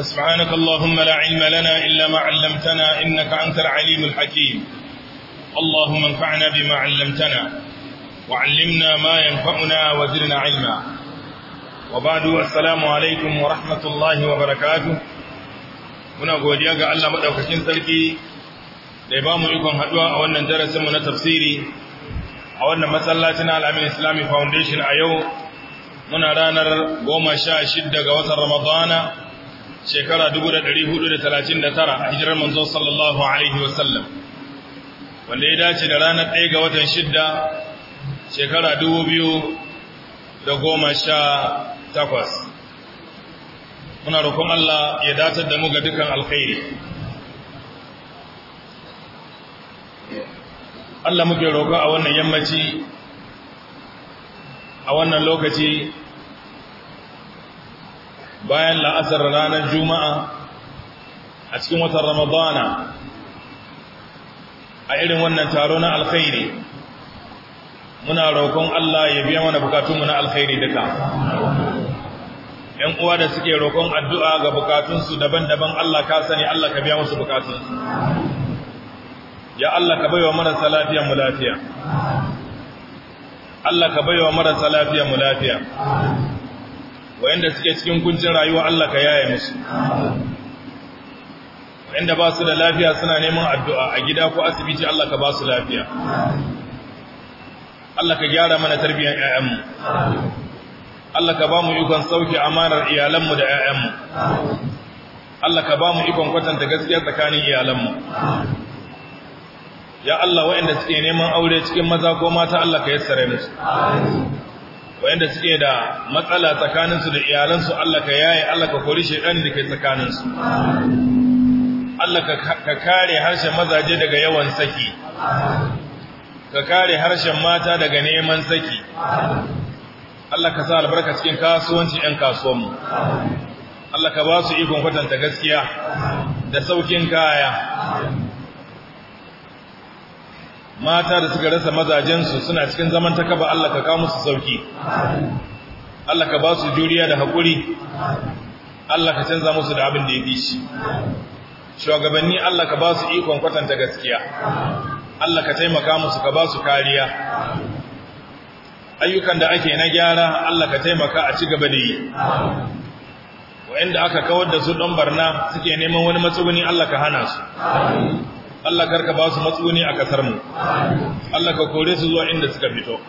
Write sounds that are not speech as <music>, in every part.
فسبحانك اللهم لا علم لنا إلا ما علمتنا إنك أنت العليم الحكيم اللهم انفعنا بما علمتنا وعلمنا ما ينفعنا وزرنا علما وبعد السلام عليكم ورحمة الله وبركاته muna godiya ga Allah madaukakin sarki da ya bamu ikon haduwa a wannan darasin mu na tafsiri a wannan masallacin Al-Amin Islamic Foundation a yau muna ranar 16 ga wasan Ramadana shekara 439 a hijirar manzon sallallahu alaihi wasallam wanda ya dace da ranar 1 ga watan 6 shekara 2018 muna roƙon Allah ya datar da mu ga dukan alkhairi Allah muke roƙo a wannan yammaci a wannan lokaci bayan la'asar ranar juma'a a cikin watan ramadana a irin wannan taro na alkhairi muna roƙon Allah ya biya mana bukatunmu na alkhairi duka ‘yan uwa da suke roƙon addu'a ga bukatunsu daban-daban Allah ka sani Allah ka biya musu bukatunsu ya Allah ka baiwa marasa lafiya mu lafiya Allah ka baiwa marasa lafiya mu lafiya wayanda suke cikin kuncin rayuwa Allah ka yaye musu wayanda ba su da lafiya suna neman addu'a a gida ko asibiti Allah ka ba su lafiya Allah ka gyara mana tarbiyyar ƴaƴanmu Allah ka ba mu ikon sauke amanar iyalanmu da ƴaƴanmu Allah ka ba mu ikon kwatanta gaskiya tsakanin iyalanmu ya Allah wayanda suke neman aure cikin maza ko mata Allah ka yassare musu wayanda suke da matsala tsakaninsu da iyalansu Allah ka yaye Allah ka kori shaytani da ke tsakaninsu Allah ka kare harshen mazaje daga yawan saki ka kare harshen mata daga neman saki Allah ka sa albarka cikin kasuwanci ɗan kasuwanmu Allah ka ba su ikon kwatanta gaskiya da saukin kaya mata da suka rasa su suna cikin zaman ta kaba Allah ka kawo musu sauki Allah ka ba su juriya da haƙuri Allah ka canza musu da abin da ya shi shugabanni Allah ka ba su ikon kwatanta gaskiya Allah ka taimaka musu ka ba su kariya ayyukan da ake na gyara Allah ka taimaka a ci gaba da yi wa'anda aka kawar da su don barna suke neman wani matsuguni Allah ka hana su Allah ka ba su matsuni a kasar mu Allah ka kore su zuwa inda suka fito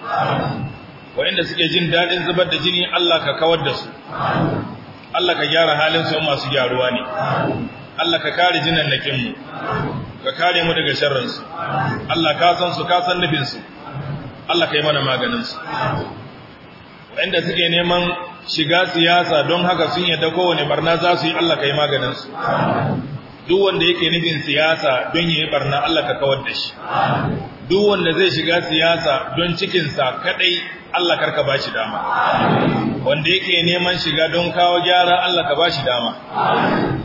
inda suke jin daɗin zubar da jini Allah ka kawar da su Allah ka gyara halin su masu gyaruwa ne Allah ka kare jinan nakin mu ka kare mu daga sharrin su Allah ka san su ka san nufin su Allah ka yi mana maganin su inda suke neman shiga siyasa don haka sun yadda kowane barna za su yi Allah ka yi maganin su duk wanda yake nufin siyasa don yi barna Allah ka kawar da shi duk wanda zai shiga siyasa don cikinsa kadai Allah karka bashi dama wanda yake neman shiga don kawo gyara Allah ka bashi dama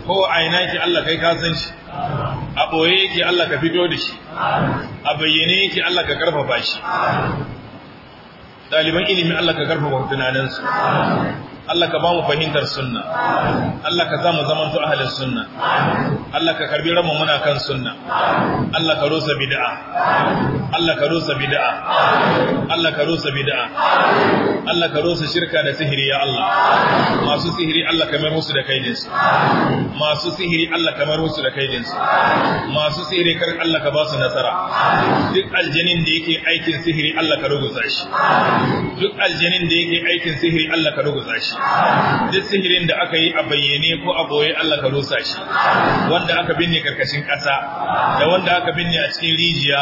ko ina yake Allah kai ka san shi a boye yake Allah ka fito da shi a bayyane yake Allah ka karfafa shi daliban ilimi Allah ka karfafa tunaninsu Allah ka ba mu fahimtar sunna Allah ka za mu zaman to ahalin sunna Allah ka karbi ramu muna kan sunna Allah ka rusa bid'a Allah ka rusa bid'a Allah ka rusa bid'a Allah ka rusa shirka da sihiri ya Allah masu sihiri Allah kamar musu da kaidin su masu sihiri Allah kamar musu da kaidin su masu sihiri kar Allah ka ba su nasara duk aljanin da yake aikin sihiri Allah ka ruguza shi duk aljanin da yake aikin sihiri Allah ka ruguza shi shi duk sihirin da aka yi a bayyane ko a boye Allah ka rusa shi wanda aka binne karkashin ƙasa da wanda aka binne a cikin rijiya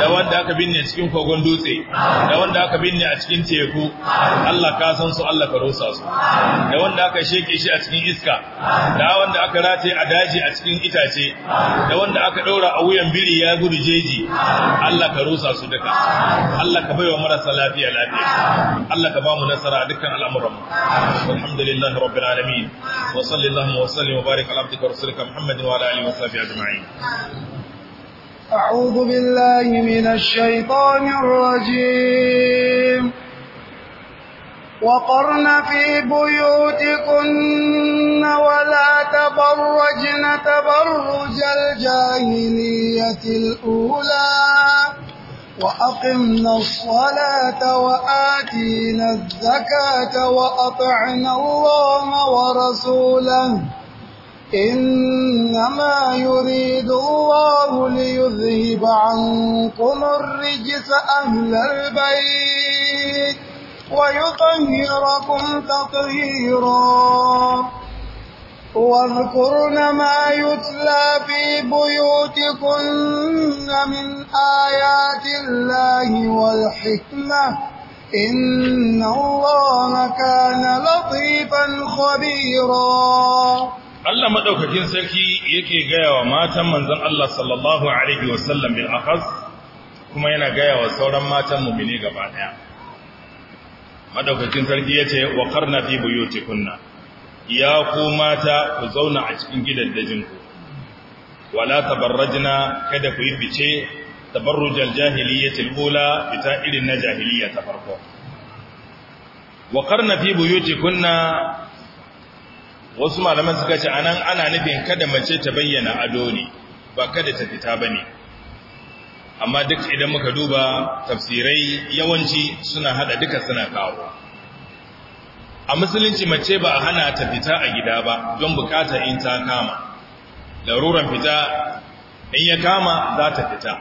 da wanda aka binne a cikin kogon dutse da wanda aka binne a cikin teku Allah ka san su Allah ka rusa su da wanda aka sheke shi a cikin iska da wanda aka rataye a daji a cikin itace da wanda aka ɗaura a wuyan biri ya gudu jeji Allah ka rusa su duka Allah ka baiwa marasa lafiya lafiya Allah ka ba mu nasara a dukkan al'amuranmu والحمد لله رب العالمين وصلى الله وسلم وبارك على عبدك ورسولك محمد وعلى اله وصحبه اجمعين أعوذ بالله من الشيطان الرجيم وقرن في بيوتكن ولا تبرجن تبرج الجاهلية الأولى وأقمنا الصلاة وآتينا الزكاة وأطعنا الله ورسوله إنما يريد الله ليذهب عنكم الرجس أهل البيت ويطهركم تطهيراً واذكرن ما يتلى في بيوتكن من آيات الله والحكمة إن الله كان لطيفا خبيرا Allah madaukakin sarki yake gaya wa matan manzon Allah sallallahu alaihi wasallam bil akhas kuma yana gaya wa sauran matan mu'mini gaba daya madaukakin sarki yace wa qarna fi buyutikunna ya ku mata ku zauna a cikin gidan dajinku wala tabarrajna kada ku yi fice tabarrujal jahiliyyatil ula fita irin na jahiliya ta farko wa qarna fi buyutikunna wasu malaman suka ce anan ana nufin kada mace ta bayyana ado ne ba kada ta fita bane amma duk idan muka duba tafsirai yawanci suna hada duka suna kawo a musulunci mace ba a hana ta fita a gida ba don bukata in ta kama laruran fita in ya kama za ta fita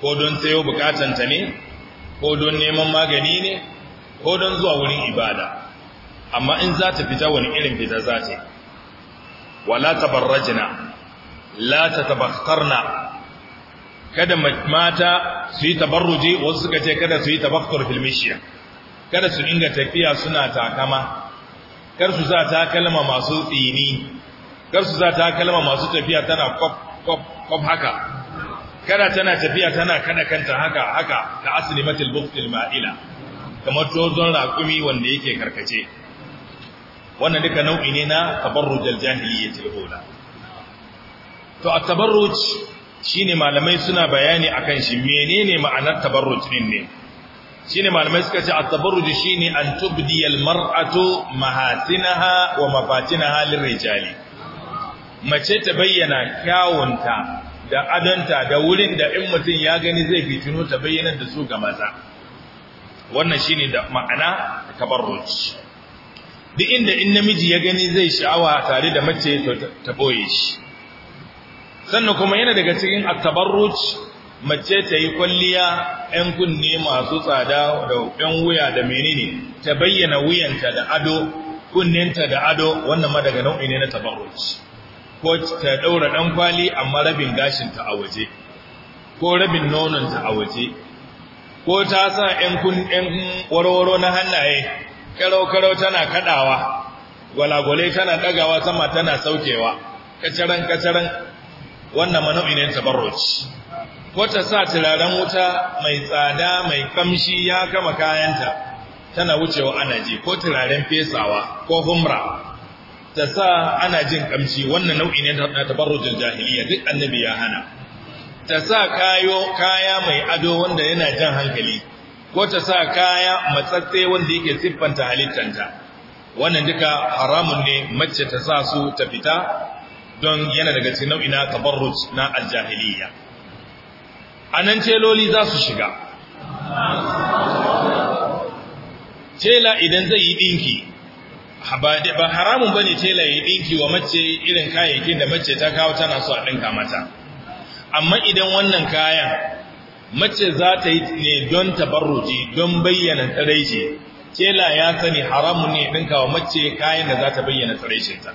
ko don sayo bukatanta ne ko don neman magani ne ko don zuwa wurin ibada amma in za ta fita wani irin fita za ta wala ta tabarrajina la tatabakkarna kada mata su yi tabarruje wasu suka ce kada su yi tabakar filmishiyar kada su inga tafiya suna takama kar su za kalma masu tsini kar su za kalma masu tafiya tana kwaf haka kada tana tafiya tana kada kanta haka haka ka aslimatil buktil ma'ila kamar tozon raƙumi wanda yake karkace wannan duka nau'i ne na tabarrujal jahiliyyatil ula to at-tabarruj shine malamai suna bayani akan shi menene ma'anar tabarruj din ne shine malamai suka ce at-tabarruj shine an tubdi al-mar'atu mahatinaha wa mafatinaha lirijali mace ta bayyana kyawunta da adanta da wurin da in mutum ya gani zai fitino ta bayyana da su ga maza wannan shine da ma'ana tabarruj duk inda in namiji ya gani zai sha'awa tare da mace ta boye shi sannan kuma yana daga cikin at-tabarruj mace ta yi kwalliya ‘yan kunne masu tsada da ‘yan wuya da menene ta bayyana wuyanta da ado kunninta da ado wannan ma daga nau'i ne na tabarwaci ko ta ɗaura ɗan kwali amma rabin gashinta a waje ko rabin nononta a waje ko ta sa ‘yan warwaro na hannaye karau-karau tana kaɗawa gwalagwale tana dagawa sama tana saukewa kacaran-kacaran wannan ma nau'i ne na tabarwaci wata sa turaren wuta mai tsada mai kamshi ya kama kayanta tana wucewa ana ji ko turaren fesawa ko humra ta sa ana jin kamshi wannan nau'i ne na tabarrujin jahiliya duk annabi ya hana ta sa kayo kaya mai ado wanda yana jan hankali ko ta sa kaya matsatse wanda yake siffanta halittanta wannan duka haramun ne mace ta sa su ta fita don yana daga cikin nau'i na tabarruj na aljahiliya anan teloli za su shiga tela idan zai yi dinki ba haramun bane tela yi dinki wa mace irin kayayyakin da mace ta kawo tana so a ɗinka mata amma idan wannan kayan mace za ta yi ne don tabarruji don bayyana tsiraici tela ya sani haramun ne ɗinka wa mace kayan da za ta bayyana tsiraicinta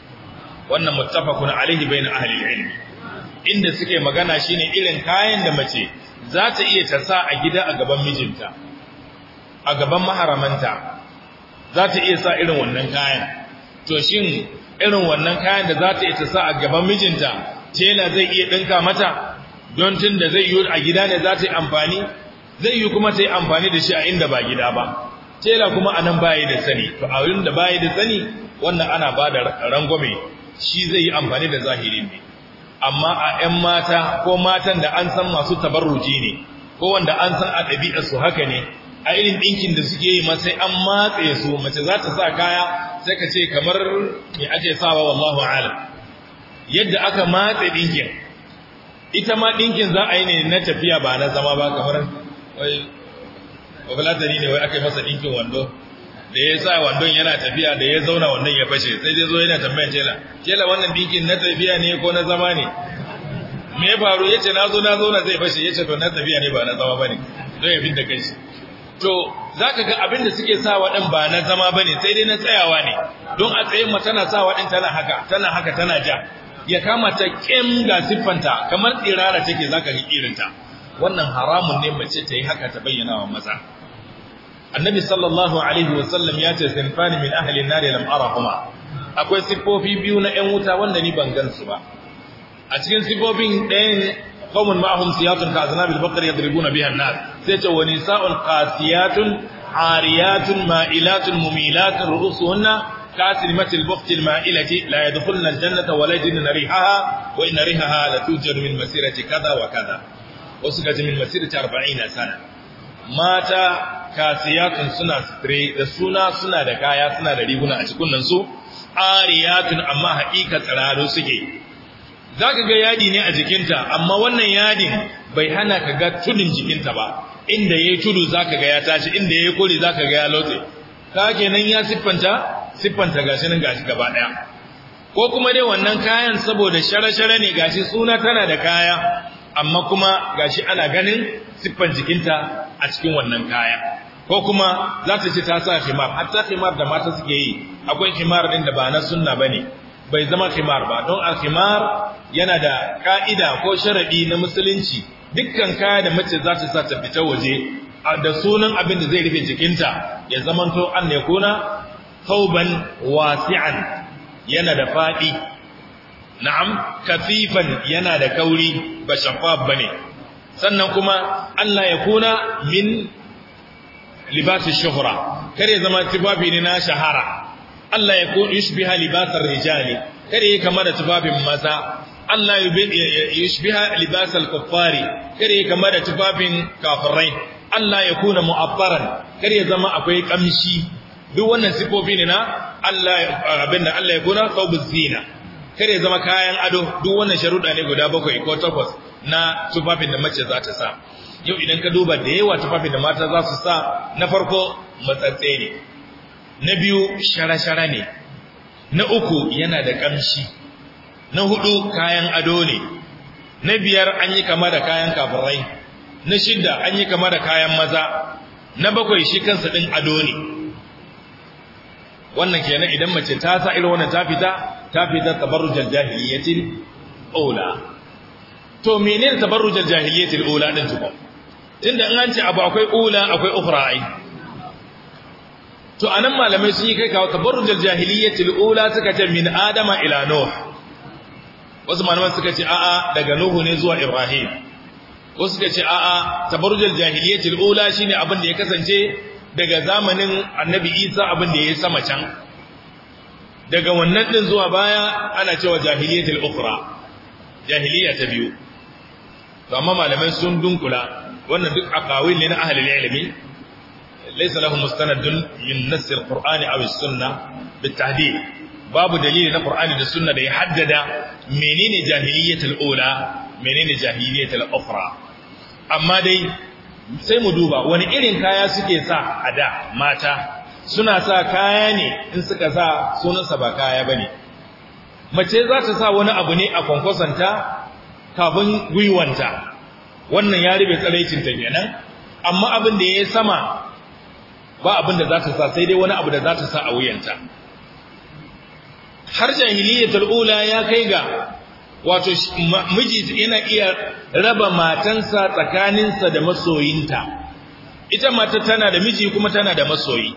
wannan muttafaqun alaihi bain ahli ilmi inda suke magana shine irin kayan da mace za ta iya ta sa a gida a gaban mijinta a gaban maharamanta za ta iya sa irin wannan kayan to shin irin wannan kayan da za ta iya ta sa a gaban mijinta tela zai iya dinka mata don tun da zai yi a gida ne za ta yi amfani zai yi kuma ta yi amfani da shi a inda ba gida ba tela kuma a nan bayi da sani to a da bayi da sani wannan ana ba da rangwame shi zai yi amfani da zahiri ne amma a ‘yan mata ko matan da an san masu tabarruji ne ko wanda an san a ɗabi'arsu haka ne a irin ɗinkin da suke yi sai an matse su mace za ta sa kaya sai ka ce kamar me ake sawa wallahu alam yadda aka matse ɗinkin ita ma ɗinkin za a yi ne na tafiya ba na zama ba kamar wai ne wai aka masa ɗinkin wando da ya sa wandon yana tafiya da ya zauna wannan ya fashe sai dai zo yana tambayar tela tela wannan dinkin na tafiya ne ko na zama ne me ya faru ya ce na zo na zauna zai fashe ya ce to na tafiya ne ba na zama ba ne don ya fi da kai to za ka ga abin da suke sa wadan ba na zama ba ne sai dai na tsayawa ne don a tsayin ma tana sa wadan tana haka tana haka tana ja ya kama ta ƙim ga siffanta kamar tsirara take za ga irinta wannan haramun ne mace ta yi haka ta bayyana wa maza annabi sallallahu alaihi wasallam ya ce sinfani min ahli nar lam huma. akwai sifofi biyu na ƴan wuta wanda ni ban gansu ba a cikin sifofin ɗayan qaumun ma'ahum siyatun ka aznabil baqar yadribuna biha an-nas sai ce wa nisa'un qasiyatun ariyatun ma'ilatun mumilatun ru'usuhunna كاسلمة البخت المائلة لا يدخلن الجنة ولا يجدن ريحها وإن ريحها لتوجد من مسيرة كذا وكذا وسكت من مسيرة أربعين سنة mata kasiyatun suna sutre da suna suna da kaya suna da riguna a cikin su ariyatun amma haƙiƙa tsararo suke zaka ga yadi ne a jikinta amma wannan yadin bai hana ka ga tudun jikinta ba inda yayi tudu zaka ga ya tashi inda yayi kore zaka ga ya lote. ka nan ya siffanta siffanta gashi nan gashi gaba daya ko kuma dai wannan kayan saboda shara-shara ne gashi suna tana da kaya amma kuma ga shi ana ganin siffan jikinta a cikin wannan kaya ko kuma za ta ce ta sa himar hatta himar da mata suke yi akwai himar din da ba na sunna bane bai zama himar ba don al-himar yana da ka'ida ko sharadi na musulunci dukkan kaya da mace za ta sa ta fita waje da sunan abin da zai rufe jikinta ya zamanto an ne kuna tauban wasi'an yana da fadi na'am kafifan yana da kauri ba shaffaf bane sannan kuma Allah ya kuna min libasi shuhra kare zama tufafi ne na shahara Allah ya kuna yushbiha libasar rijali kare kama da tufafin maza Allah ya yushbiha libasal kuffari kare kama da tufafin kafirai Allah ya kuna mu'abbaran kare zama akwai kamshi duk wannan sifofi ne na Allah abinda Allah ya kuna saubuz zina kare zama kayan ado duk wannan sharuɗa ne guda bakwai ko takwas na tufafin da mace za ta sa yau idan ka duba da yawa tufafin da mata za su sa na farko matsatse ne na biyu shara-shara ne na uku yana da ƙamshi na hudu kayan ado ne na biyar an yi kama da kayan kafirai na shidda an yi kama da kayan maza na bakwai shi kansa din ado ne wannan kenan idan mace ta sa irin wannan ta fita tafidat tabarujar jahiliyyatin ula to menene tabarujar jahiliyyatin ula din tuko tunda in an ce abu akwai ula akwai ukhra ai to anan malamai sun yi kai kawo tabarrujal jahiliyyatin ula suka ce min adama ila nuh wasu malaman suka ce a'a daga nuhu ne zuwa ibrahim wasu suka ce a'a tabarujar jahiliyyatin ula shine abin da ya kasance daga zamanin annabi isa abin da ya sama can daga wannan din zuwa baya ana cewa jahiliyatul ukhra jahiliya ta biyu to amma malamai sun dunkula wannan duk aqawil ne na ahlul ilmi laysa lahum mustanadun min nass alqur'ani aw as-sunnah bitahdid babu dalili na qur'ani da sunna da ya haddada menene jahiliyatul ula menene jahiliyatul ukhra amma dai sai mu duba wani irin kaya suke sa a da mata suna sa kaya ne in suka sa sunansa ba kaya bane mace za ta sa wani abu ne a kwankwasanta kafin gwiwanta wannan ya rube tsaraicinta kenan amma abin da ya sama ba abin da za ta sa sai dai wani abu da za ta sa a wuyanta har jahiliyyatul ula ya kai ga wato miji yana iya raba matansa tsakaninsa da masoyinta ita mata tana da miji kuma tana da masoyi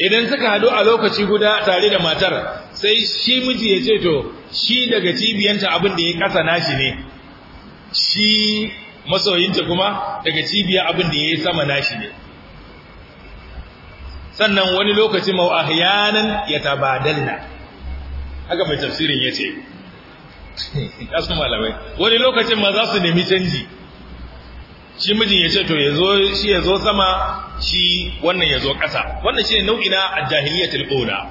idan suka hadu a lokaci guda tare da matar sai shi miji ya ce to shi daga cibiyanta abin da ya kasa nashi ne shi masoyinta kuma daga cibiya abin da ya yi sama nashi ne sannan wani lokaci mau ahyanan ya tabadalna haka mai tafsirin ya ce kasu <laughs> malamai wani lokacin ma za su nemi canji shi mijin ya ce to ya shi ya zo sama shi wannan ya zo ƙasa wannan shi ne nau'i na ajahiliyatul ula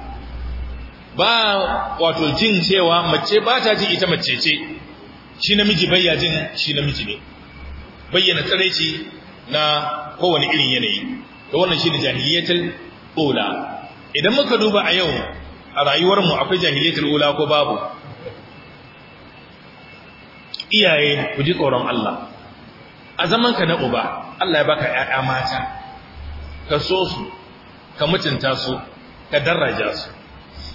ba wato jin cewa mace ba ta ji ita mace ce shi namiji ya jin shi namiji ne bayyana tsaraici na kowane irin yanayi to wannan shi ne jahiliyatul ula idan muka duba a yau a rayuwarmu akwai jahiliyatul ula ko babu iyaye ku ji tsoron Allah a zaman ka na uba Allah ya baka ƴaƴa mata ka so su ka mutunta su ka daraja su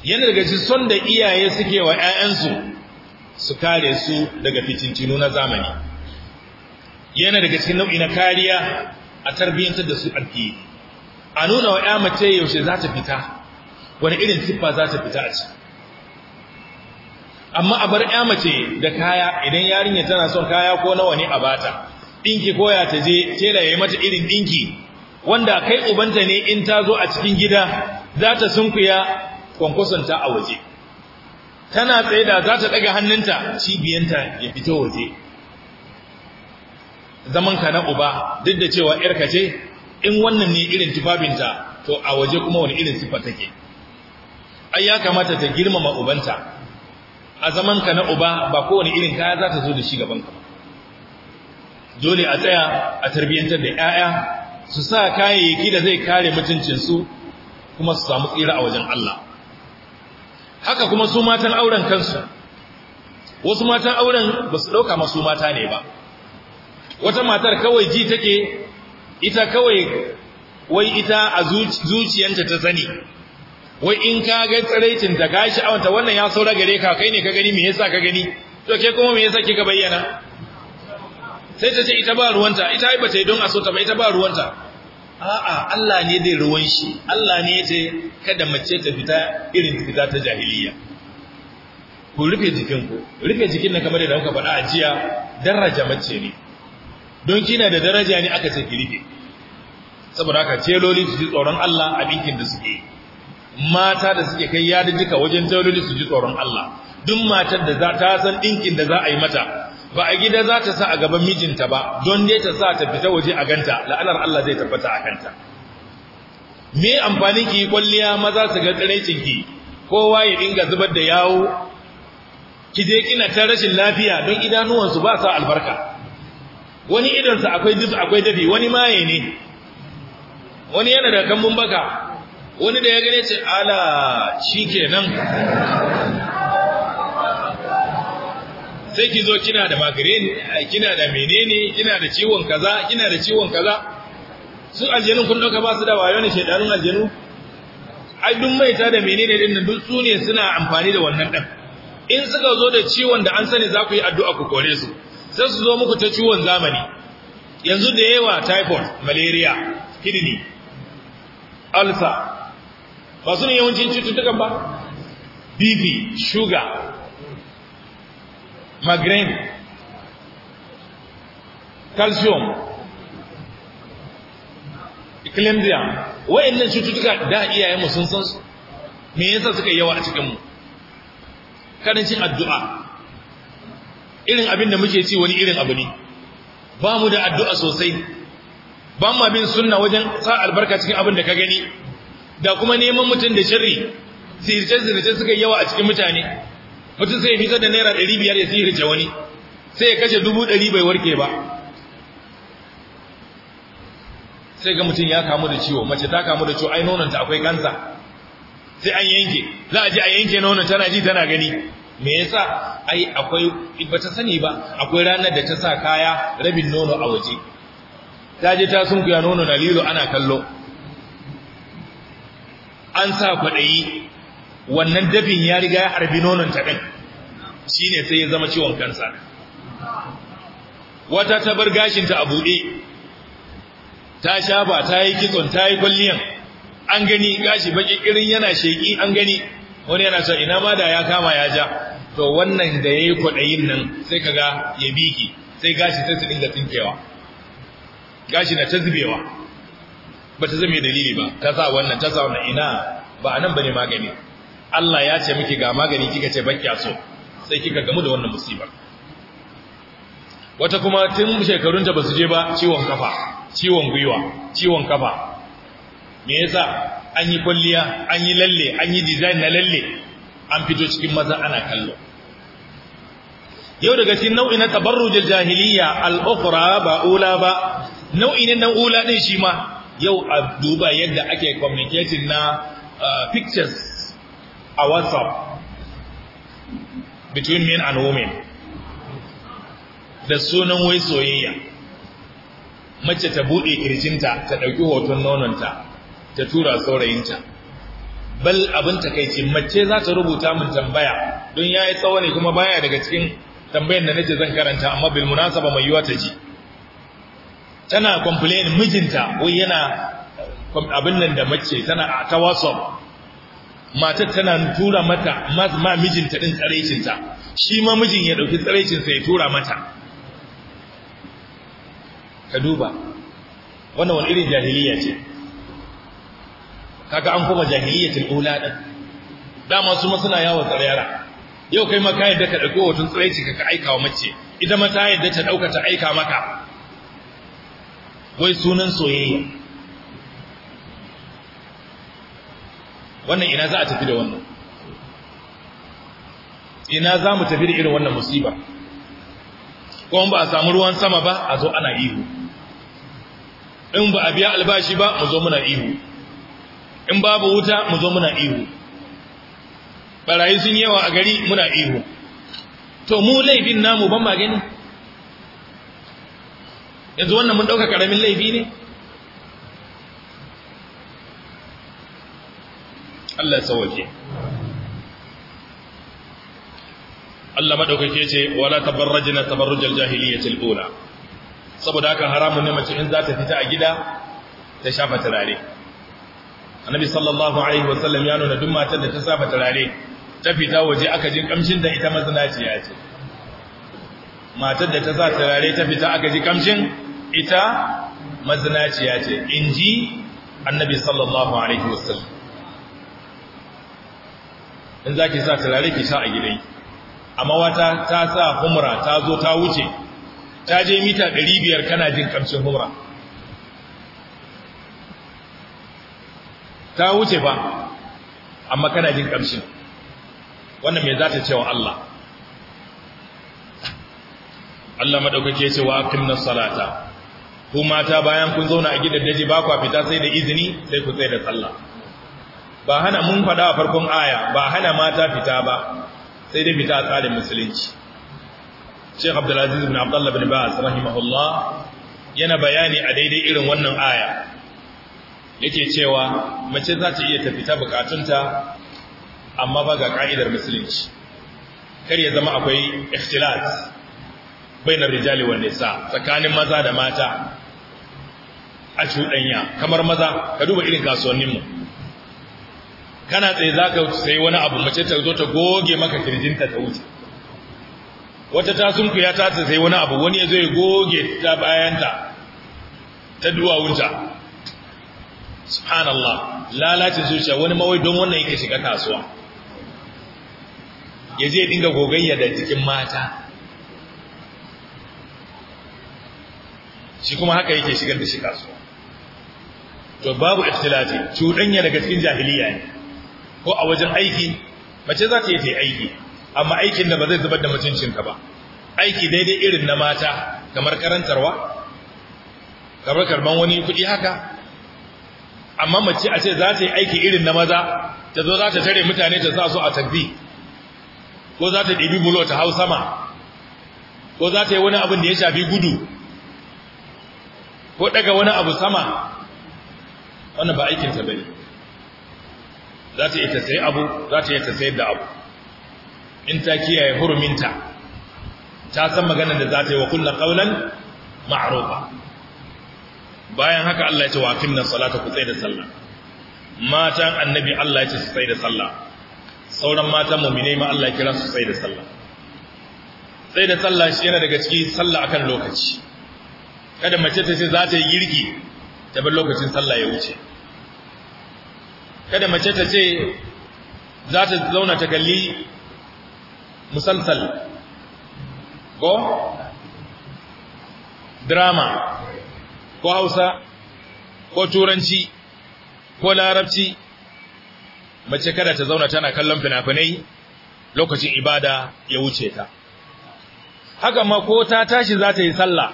yana daga cikin son da iyaye suke wa ƴaƴansu su kare su daga fitintinu na zamani yana daga cikin nau'i na kariya a tarbiyyantar da su alƙi a nuna wa ƴa mace yaushe za ta fita wani irin siffa za ta fita a ci amma a bar ƴa mace da kaya idan yarinya tana son kaya ko nawa ne a bata dinki koya ta je tela yayi mata irin dinki wanda kai ubanta ne in ta zo a cikin gida za ta sunkuya kwankwasanta a waje tana tsaye da za ta daga hannunta cibiyanta ya fito waje zaman ka na uba duk da cewa yarka ce in wannan ne irin tufafinta to a waje kuma wani irin siffa take ai ya kamata ta girmama ubanta a zaman ka na uba ba kowane irin kaya za ta zo da shi gaban ka ba dole a tsaya a tarbiyyantar da 'ya'ya su sa kayayyaki da zai kare mutuncinsu kuma su samu tsira a wajen Allah haka kuma su matan auren kansu wasu matan auren ba su ɗauka masu mata ne ba wata matar kawai ji take ita kawai wai ita a zuciyanta ta sani wai in ka ga tsiraicin ta gashi awanta wannan ya saura gare ka kai ne ka gani me yasa ka gani to ke kuma me yasa kika bayyana sai ta ce ita ba ruwanta ita ai bata yi don a so ta ba ita ba ruwanta a'a Allah ne dai ruwan shi Allah ne yace kada mace ta fita irin fita ta jahiliya ku rufe jikin ku rufe jikin nan kamar da kuka faɗa a jiya daraja mace ne don kina da daraja ne aka ce ki rufe saboda haka teloli su ji tsoron Allah a dinkin da suke mata da suke kai duka wajen teloli su ji tsoron Allah duk matar da za ta san dinkin da za a yi mata ba a gida za ta sa a gaban mijinta ba don dai ta sa ta fita waje a ganta la'anar Allah zai tabbata a kanta me amfanin ki kwalliya maza su ga tsarecin ki kowa ya dinga zubar da yawo ki je kina ta rashin lafiya don idanuwansu ba sa albarka wani sa akwai dubu akwai dafi wani maye ne wani yana da kambun baka wani da ya gane ce ala shikenan sai ki zo kina da migraine kina da menene kina da ciwon kaza kina da ciwon kaza su aljanu kun dauka ba su da wayo ne shedanun aljanu ai duk mai ta da menene din duk su ne suna amfani da wannan dan in suka zo da ciwon da an sani za ku yi addu'a ku kore su sai su zo muku ta ciwon zamani yanzu da yawa typhoid malaria kidney ulcer ba su ne yawancin cututtukan ba bp sugar magrain calcium eclampsia wa'annan cututtuka da iyayenmu sun san su me yasa suka yi yawa a cikinmu karancin addu'a irin abin da muke ci wani irin abu ne ba mu da addu'a sosai ba mu abin sunna wajen sa albarka cikin abin da ka gani da kuma neman mutum da shirri zirce-zirce suka yawa a cikin mutane mutum sai ya fitar da naira ɗari biyar ya sihirce wani sai ya kashe dubu ɗari bai warke ba sai ga mutum ya kamu da ciwo mace ta kamu da ciwo ai nononta akwai kansa sai an yanke za a ji a yanke nonon tana ji tana gani me yasa ai akwai ba ta sani ba akwai ranar da ta sa kaya rabin nono a waje ta je ta sunkuya nono na lilo ana kallo an sa kwaɗayi wannan dafin ya riga ya harbi nonon ta din shine sai ya zama ciwon kansa wata ta bar gashin ta a buɗe ta shafa ta yi kitson ta yi kwalliyan an gani gashi ba irin yana sheki an gani wani yana cewa ina ma da ya kama ya ja to wannan da yayi kwadayin nan sai kaga ya biki sai gashi sai su dinga tsinkewa gashi na ta zubewa ba ta zame dalili ba ta sa wannan ta sa wannan ina ba anan bane magani Allah ya ce miki ga magani kika ce bakya so sai kika gamu da wannan musibar wata kuma tun shekarun ta basu je ba ciwon kafa ciwon gwiwa ciwon kafa me yasa an yi kwalliya an yi lalle an yi design na lalle an fito cikin maza ana kallo yau daga cikin nau'i na tabarrujul jahiliya al-ukhra ba ula ba nau'i ne na ula din shi ma yau a duba yadda ake communicating na uh, pictures a whatsapp between men and women da sunan wai soyayya mace ta buɗe kirjinta ta ɗauki hoton nononta ta tura saurayinta bal abin takaici mace za ta rubuta min tambaya don ya yi tsawo ne kuma baya daga cikin tambayar da nake zan karanta amma bil munasaba mai yiwa ta ji tana complain mijinta wai yana abin nan da mace tana ta whatsapp matar tana tura mata ma mijinta din tsaraicinta shi ma mijin ya dauki tsaraicinsa ya tura mata ka duba wannan wani irin jahiliya ce kaga an kuma jahiliyatul ula din dama su ma suna yawo tsarayara yau kai ma ka yadda ka dauki hoton tsaraici ka aika wa mace ita ma ta yadda ta dauka ta aika maka wai sunan soyayya wannan ina za a tafi da wannan ina za mu tafi da irin wannan musiba ko ba a samu ruwan sama ba a zo ana ihu in ba a biya albashi ba mu zo muna ihu in babu wuta mu zo muna ihu barayi sun yawa a gari muna ihu to mu laifin namu ban magani yanzu wannan mun dauka karamin laifi ne Allah sauke Allah madaukake ce wala tabarrajna tabarrujal jahiliyyatil ula saboda haka haramun ne mace in za ta fita a gida ta shafa turare annabi sallallahu alaihi wasallam ya nuna duk matar da ta shafa turare ta fita waje aka ji kamshin da ita mazinaciya ce matar da ta sa turare ta fita aka ji kamshin ita mazinaciya ce ji annabi sallallahu alaihi wasallam in za ki sa turare ki sa a gidai amma wata ta sa humra ta zo ta wuce ta je mita 500 kana jin kamshin humra ta wuce ba amma kana jin kamshin wannan me za ta cewa Allah Allah madaukake ce wa aqimna salata ku mata bayan kun zauna a gidan daji ba ku fita sai da izini sai ku tsaya da sallah ba hana mun faɗa a farkon aya ba hana mata fita ba sai dai fita a tsarin musulunci Sheikh Abdulaziz bin Abdullah bin Bas rahimahullah yana bayani a daidai irin wannan aya yake cewa mace za ta iya tafita bukatunta amma ba ga ka'idar musulunci kar ya zama akwai ikhtilat bainar rijali wa nisa tsakanin maza da mata a cuɗanya kamar maza ka duba irin kasuwannin mu kana tsaye za ka sai wani abu mace ta zo ta goge maka kirjinta ta wuce wata ta ya ta ta sai wani abu wani ya zo ya goge ta bayanta ta duwawunta subhanallah lalacin zuciya wani mawai don wannan yake shiga kasuwa ya je dinga gogayya da jikin mata shi kuma haka yake shigar da shi kasuwa to babu ikhtilati cuɗanya daga cikin jahiliya ne ko a wajen aiki mace za ta yi ta aiki amma aikin da ba zai zubar da mutuncinka ba aiki daidai irin na mata kamar karantarwa kamar karban wani kuɗi haka amma mace a ce za ta yi aiki irin na maza ta zo za ta tare mutane ta sa su a takbi ko za ta ɗibi bulo ta hau sama ko za ta yi wani abin da ya shafi gudu ko ɗaga wani abu sama wannan ba aikinta ne. za ta iya ta abu za ta iya ta sayar da abu in ta kiyaye huruminta ta san maganar da za ta yi wa kullu qawlan ma'rufa bayan haka Allah ya ce wa aqimna salata ku tsaya da sallah matan annabi Allah ya ce su tsaya da sallah sauran matan mu'mine ma Allah ya kira su tsaya da sallah tsaya da sallah shi yana daga cikin sallah akan lokaci kada mace ta ce za ta yi girki ta bar lokacin sallah ya wuce kada mace ta ce za ta zauna ta kalli musalsal ko drama ko hausa ko turanci ko larabci mace kada ta zauna tana kallon fina-finai lokacin ibada ya wuce ta haka ma ko ta tashi za ta yi sallah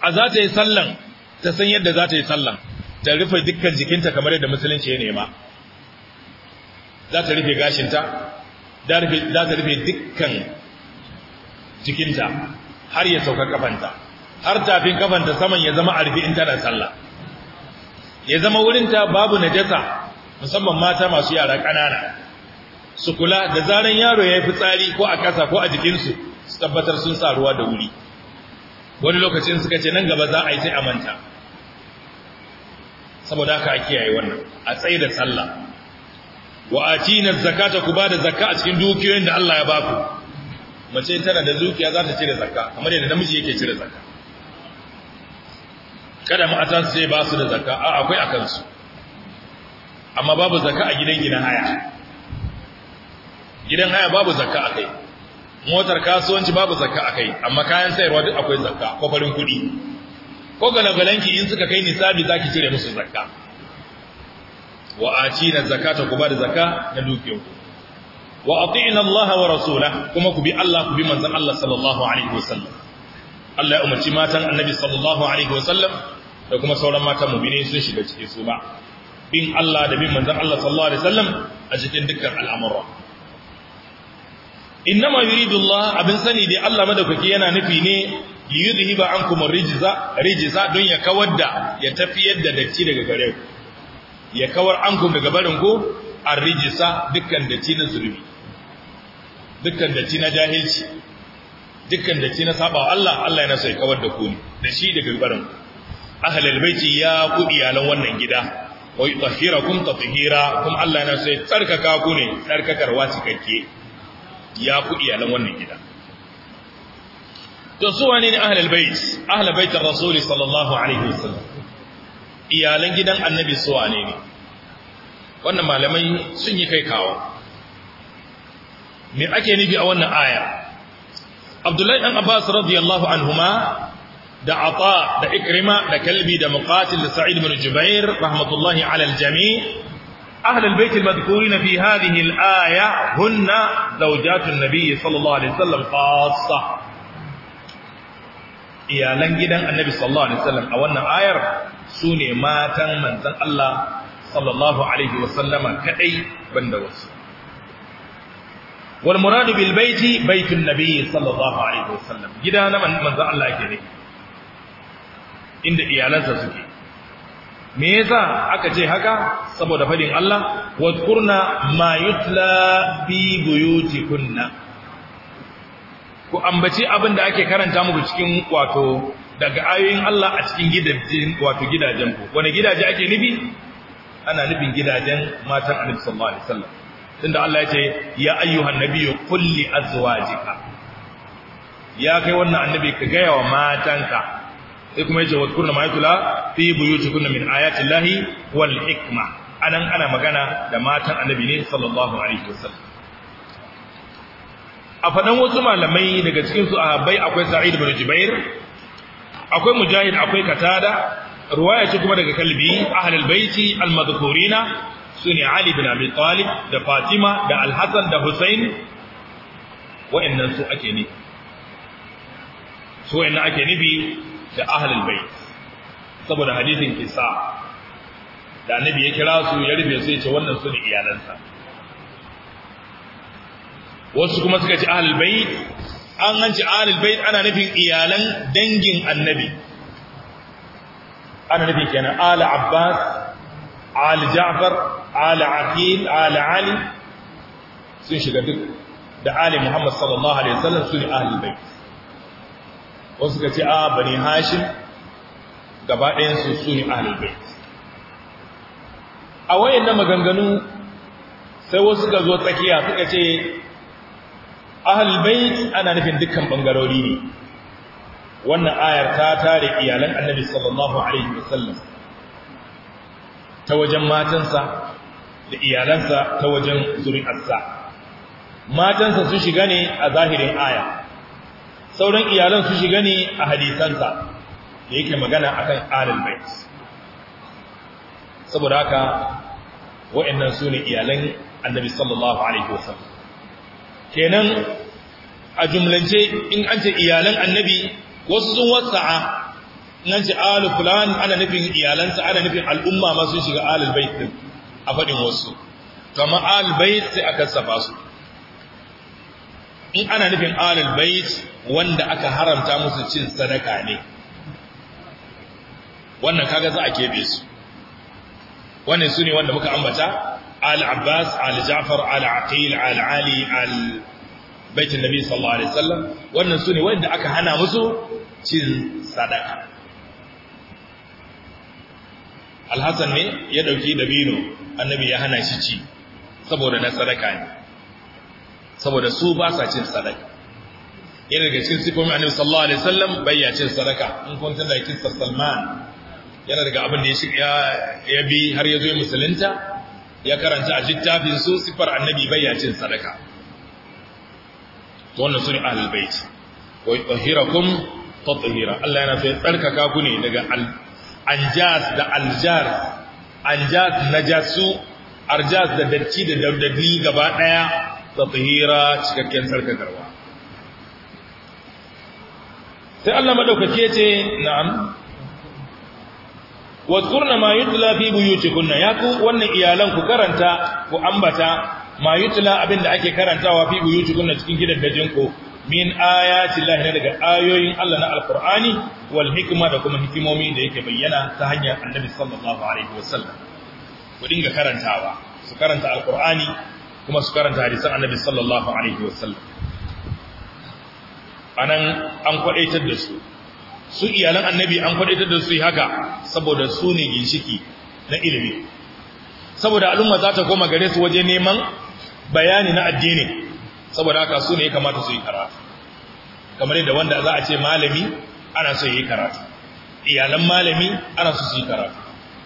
a za ta yi sallan ta san yadda za ta yi sallan ta rufe dukkan jikinta kamar yadda musulunci ya nema za ta rufe gashinta za ta rufe dukkan jikinta har ya sauka kafanta har tafin kafanta saman ya zama arfi in tana sallah ya zama wurinta babu najasa musamman mata masu yara ƙanana su kula da zaran yaro ya yi fitsari ko a ƙasa ko a jikinsu su tabbatar sun sa ruwa da wuri wani lokacin suka ce nan gaba za a yi sai a manta saboda haka a kiyaye wannan a tsaye da sallah wa atina zakata ku bada zakka a cikin dukiyoyin da Allah ya ba ku. mace tana da dukiya za ta cire zakka kamar yadda namiji yake cire zakka kada ma'atan sai ba su da zakka a akwai akan su amma babu zakka a gidan gidan haya gidan haya babu zakka kai, motar kasuwanci babu zakka kai, amma kayan sayarwa duk akwai zakka ko farin kuɗi ko galagalanki in suka kai nisabi zaki cire musu zakka wa atina zakata ku da zakka na dukiyanku wa atina Allah wa rasulah kuma ku bi Allah ku bi manzon Allah sallallahu alaihi wasallam Allah ya umarci matan Annabi sallallahu alaihi wasallam da kuma sauran matan mu'mini sun shiga cikin su ba bin Allah da bin manzon Allah sallallahu alaihi wasallam a cikin dukkan al'amura innama yuridu Allah abin sani dai Allah madaukaki yana nufi ne an ankum rijza rijza don ya kawar da ya tafiyar da datti daga gare ku ya kawar ankum daga barin ku arrijsa dukkan datti na zulmi dukkan datti na jahilci dukkan datti na saba Allah Allah yana so ya kawar da ku ne da shi daga barin ku ahlul baiti ya ku iyalan wannan gida wa yutahhirakum tatheera kuma Allah yana so ya tsarkaka ku ne tsarkakarwa cikakke ya ku iyalan wannan gida to su wane ne ahlul bait ahlul rasul sallallahu alaihi wasallam iyalan gidan annabi su wane ne wannan malamai sun yi kai kawo me ake nufi a wannan aya Abdullahi dan Abbas radiyallahu anhuma da Ata da Ikrima da Kalbi da Muqatil da Sa'id ibn Jubair rahmatullahi ala al-jami' أهل البيت المذكورين في هذه الآية هن زوجات النبي صلى الله عليه وسلم خاصة iyalan gidan annabi sallallahu alaihi wasallam a wannan ayar su ne matan manzon Allah sallallahu alaihi wasallama kadai banda wasu wal muradu bil baiti baitun nabi sallallahu alaihi wasallam gida na manzon Allah yake ne inda iyalansa suke me yasa aka ce haka saboda fadin Allah wadkurna ma yutla bi buyutikunna ku ambaci abin da ake karanta muku cikin wato daga ayoyin Allah a cikin gidajen wato gidajen ku wani gidaje ake nufi ana nufin gidajen matan Annabi sallallahu alaihi wasallam tunda Allah ya ce ya ayyuhan nabiyyu kulli li azwajika ya kai wannan annabi ka gaya wa matanka sai kuma yace wadkurna ma yatula fi buyutikunna min ayati llahi wal hikma anan ana magana da matan annabi ne sallallahu alaihi wasallam a faɗan wasu malamai daga cikin su Habai akwai sa'id bin jubair akwai mujahid akwai katada ruwaya ce kuma daga kalbi ahlul baiti al-madhkurina sune ali bin abi talib da fatima da al-hasan da husain wa'annan su ake ne su wa'annan ake nufi da ahlul bait saboda hadisin kisa da annabi ya kira su ya rufe su ya wannan su ne iyalansa wasu kuma suka ci ahlul bait an hanci ahlul bait ana nufin iyalan dangin annabi ana nufin kenan ala abbas ala ja'far ala aqil ala ali sun shiga duk da ali muhammad sallallahu alaihi wasallam su ahlul bait wasu suka ci a bani hashim gaba ɗayan su ne ahlul bait a wayannan maganganu sai wasu suka zo tsakiya suka ce ahlul ana nufin dukkan bangarori ne wannan ayar ta tare iyalan annabi sallallahu alaihi wasallam ta wajen matansa da iyalansa ta wajen zuri'arsa matansa sun shiga ne a zahirin aya sauran iyalan sun shiga ne a hadisansa da yake magana akan ahlul bait saboda haka wa'annan ne iyalan annabi sallallahu alaihi wasallam kenan a jumlance in an ce iyalan annabi wasu sun wasa'a nan ce alu ana nufin iyalansa ana nufin al'umma ma sun shiga alul din a faɗin wasu kama alul sai aka saba su in ana nufin alul wanda aka haramta musu cin sadaka ne wannan kaga za a kebe su wannan su ne wanda muka ambata آل عباس آل جعفر آل عقيل آل علي آل بيت النبي صلى الله عليه وسلم wannan su ne wanda aka hana musu cin sadaka alhassan ne ya dauki dabino annabi ya hana shi ci saboda na sadaka ne saboda su ba sa cin sadaka yana daga cikin sifofin annabi sallallahu alaihi wasallam bayya cin sadaka in kun tana cin salman yana daga abin da ya bi har ya zo musulunta ya karanta a littafin su sifar annabi bayyacin sadaka to wannan sune ahlul bait wa yutahhirakum tatheera Allah yana sai tsarkaka ku ne daga anjas da aljar anjas najasu arjas da datti da daudadi gaba daya tatheera cikakken tsarkakarwa sai Allah madaukake ce na'am wadkurna ma yutla fi buyutikunna ya ku wannan iyalan ku karanta ku ambata ma yutla abinda ake karantawa fi buyutikunna cikin gidan ku min ayati llahi daga ayoyin Allah na alqur'ani wal hikma da kuma hikimomi da yake bayyana ta hanyar annabi sallallahu alaihi wasallam ku dinga karantawa su karanta alqur'ani kuma su karanta hadisan annabi sallallahu alaihi wasallam anan an kwadaitar da su su iyalan annabi an kwadaitar da su haka saboda su ne ginshiki na ilimi saboda al'umma za ta koma gare su waje neman bayani na addini saboda haka su ne ya kamata su yi karatu kamar yadda wanda za a ce malami ana so yi karatu iyalan malami ana so su yi karatu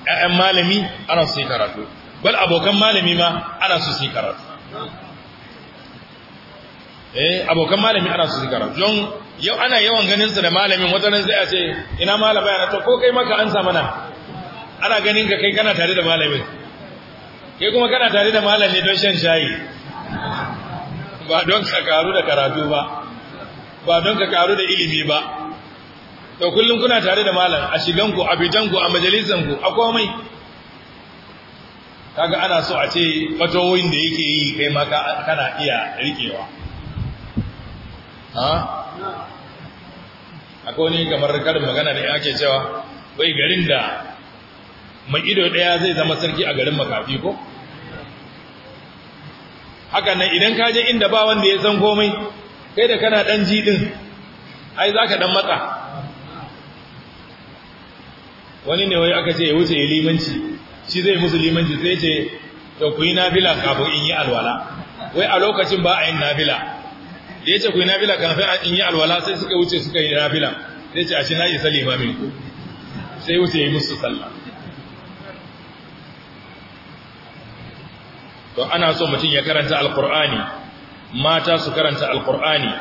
ƴaƴan malami ana so su yi karatu bal abokan malami ma ana so su yi karatu eh abokan malami ana so su yi karatu don yau ana yawan ganin su da malamin watanin sai a ce ina malama yana to ko kai maka ansa mana ana ganin ka kai kana tare da malamin kai kuma kana tare da malamin don shan shayi ba don ka karu da karatu ba ba don ka karu da ilimi ba to kullum kuna tare da malam a shiganku a ku a majalisanku a komai kaga ana so a ce fatowoyin da yake yi kai maka kana iya rikewa ha akwai ne kamar karin magana da yake cewa bai garin da mai ido ɗaya zai zama sarki a garin makafi ko haka nan idan kaje inda ba wanda ya san komai kai da kana ɗan ji ɗin, ai za ka ɗan matsa wani ne wai aka ce ya wuce limanci shi zai musu limanci sai ce to ku yi kafin in yi alwala wai a lokacin ba a yin nabila da ce ku yi nafila kafin in yi alwala sai suka wuce suka yi nafila sai ce a shi na isa limamin ku sai wuce yi musu sallah to ana so mutum ya karanta alqur'ani mata su karanta alqur'ani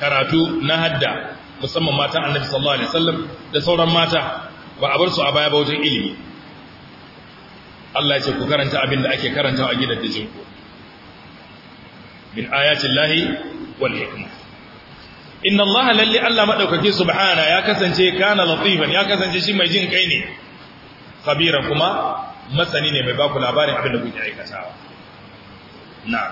karatu na hadda musamman mata annabi sallallahu alaihi wasallam da sauran mata ba a bar su a baya ba wajen ilimi Allah ya ce ku karanta abin da ake karanta a gidan dijinku min ayatin lahi والحكمة إن الله للي ألا مدوكك سبحانه يا كسن شيء كان لطيفا يا كسن شيء ما يجين كيني خبيرا كما ما سنيني مباكو لعباري حبنا بيجي ساوا نعم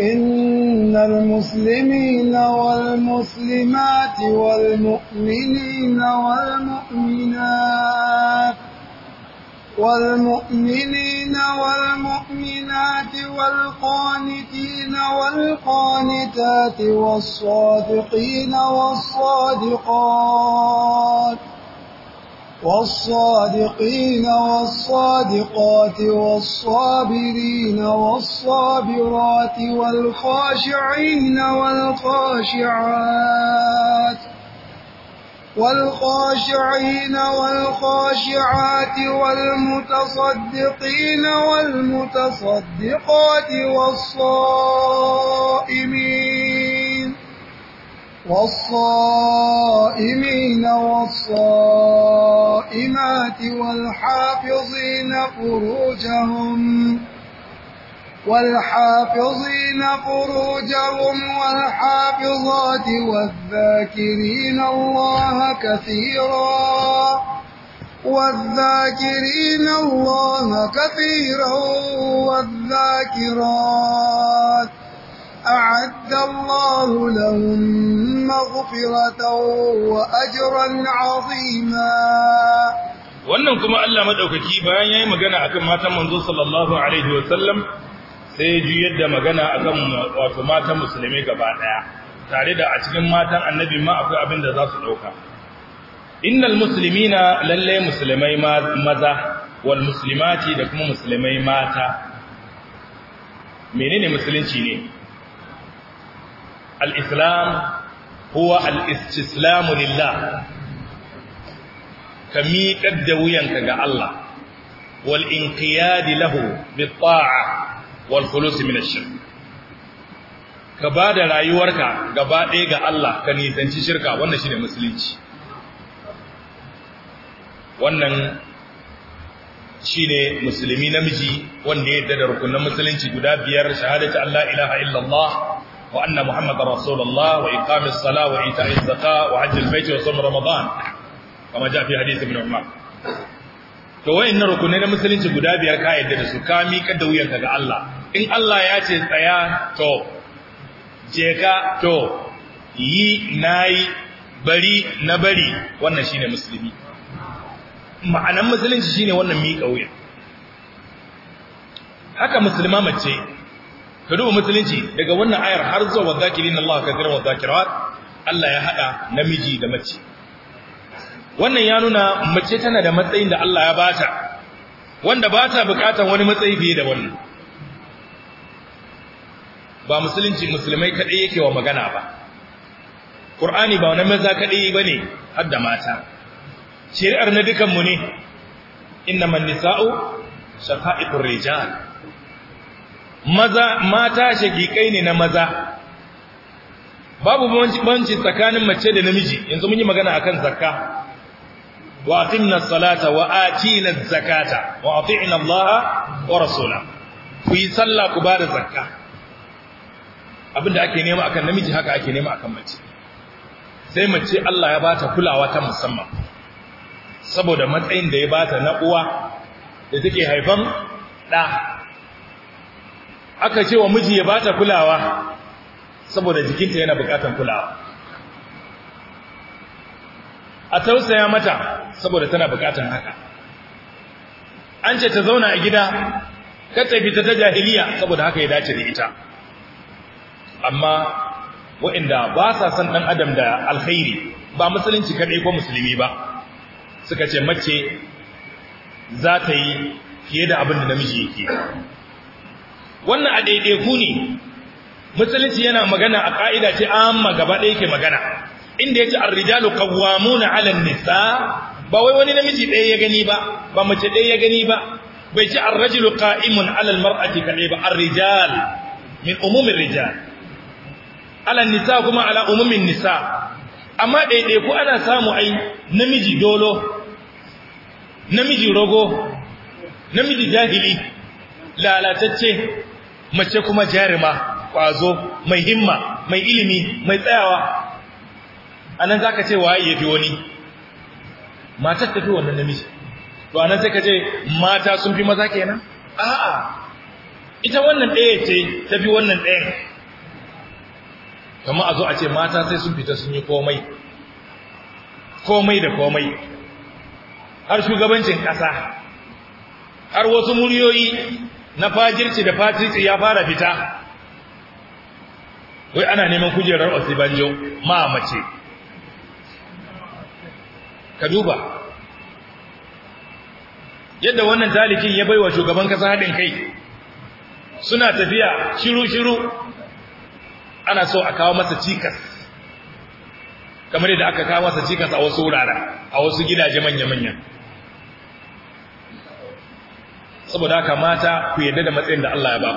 إن المسلمين والمسلمات والمؤمنين والمؤمنات والمؤمنين والمؤمنات والقانتين والقانتات والصادقين والصادقات والصادقين والصادقات والصابرين والصابرات والخاشعين والخاشعات والخاشعين والخاشعات والمتصدقين والمتصدقات والصائمين والصائمين والصائمات والحافظين فروجهم والحافظين فروجهم والحافظات والذاكرين الله كثيرا والذاكرين الله كثيرا والذاكرات أعد الله لهم مغفرة وأجرا عظيما wannan kuma Allah madaukaki bayan yayi magana akan matan manzo sallallahu alaihi wasallam sai ya ji yadda magana akan wato matan musulmi gaba ɗaya, tare da a cikin matan annabi ma akwai abin da za su Inna innal na lallai musulmai maza wal muslimati da kuma musulmai mata menene musulunci ne al-islam huwa al lillah ka miƙar da wuyanka ga Allah wal inqiyadi lahu bi ta'a wal khulus min ka bada rayuwarka gaba ɗaya ga Allah ka nisanci shirka wannan ne musulunci wannan shine musulmi namiji wanda ya yadda da rukunin musulunci guda biyar shahadatu Allah ilaha illallah wa anna muhammadar rasulullah wa iqamis salah wa ita'iz zakat wa hajjil bait wa sum ramadan kama ja fi hadith ibn umar to wayannan rukunai na musulunci guda biyar ka yadda da su ka miƙa da wuyan daga Allah in Allah ya ce tsaya to je ka to yi nayi bari na bari wannan shine musulmi ma'anan musulunci shine wannan miƙa wuya haka musulma mace ka duba musulunci daga wannan ayar har zuwa zakirin Allah kathiran wa zakirat Allah ya haɗa namiji da mace wannan ya nuna mace tana da matsayin da Allah ya bata wanda ba ta bukatan wani matsayi fiye da wannan ba musulunci musulmai kaɗai yake wa magana ba ƙur'ani ba wani maza kaɗai ba ne har da mata shari'ar na dukanmu ne inna man nisa'u shaqa'iqur rijal maza mata shaqiqai ne na maza babu banci tsakanin mace da namiji yanzu mun yi magana akan zakka wa aqimna salata wa atina zakata wa ati'na Allah wa sallah ku bada zakka abinda ake nema akan namiji haka ake nema akan mace sai mace Allah ya bata kulawa ta musamman saboda matsayin da ya bata na uwa da take haifan da aka ce wa miji ya bata kulawa saboda jikinta yana bukatan kulawa a tausaya mata saboda tana bukatan haka an ce ta zauna a gida ka ta fita ta jahiliya saboda haka ya dace da ita amma waɗanda ba sa son ɗan adam da alkhairi ba musulunci kaɗai ko musulmi ba suka ce mace za ta yi fiye da abin da namiji yake wannan a ɗaiɗaiku ne musulunci yana magana a ƙa'ida ce amma gaba ɗaya ke magana inda ya ci rijalu qawwamuna 'ala nisa ba wai wani namiji ɗaya ya gani ba ba mace ɗaya ya gani ba bai ci ar-rajulu qa'imun 'ala al kadai ba ar min rijal 'ala nisa kuma 'ala umumin nisa amma ɗaiɗai ku ana samu ai namiji dolo namiji rogo namiji jahili lalatacce mace kuma jarima kwazo mai himma mai ilimi mai tsayawa anan zaka ce waye yafi wani matar tafi wannan namiji to anan sai ka ce mata sun fi maza kenan a'a ita wannan ɗaya ce tafi wannan ɗayan kuma a zo a ce mata sai sun fita sun yi komai komai da komai har shugabancin ƙasa har wasu muryoyi na fajirci da fatirci ya fara fita wai ana neman kujerar osibanjo ma mace ka duba yadda wannan talikin ya baiwa shugaban kasa haɗin kai suna tafiya shiru-shiru ana so a kawo masa cikas kamar yadda aka kawo masa cikas a wasu wurare a wasu gidaje manya-manya saboda haka mata ku yadda da matsayin da Allah ya ba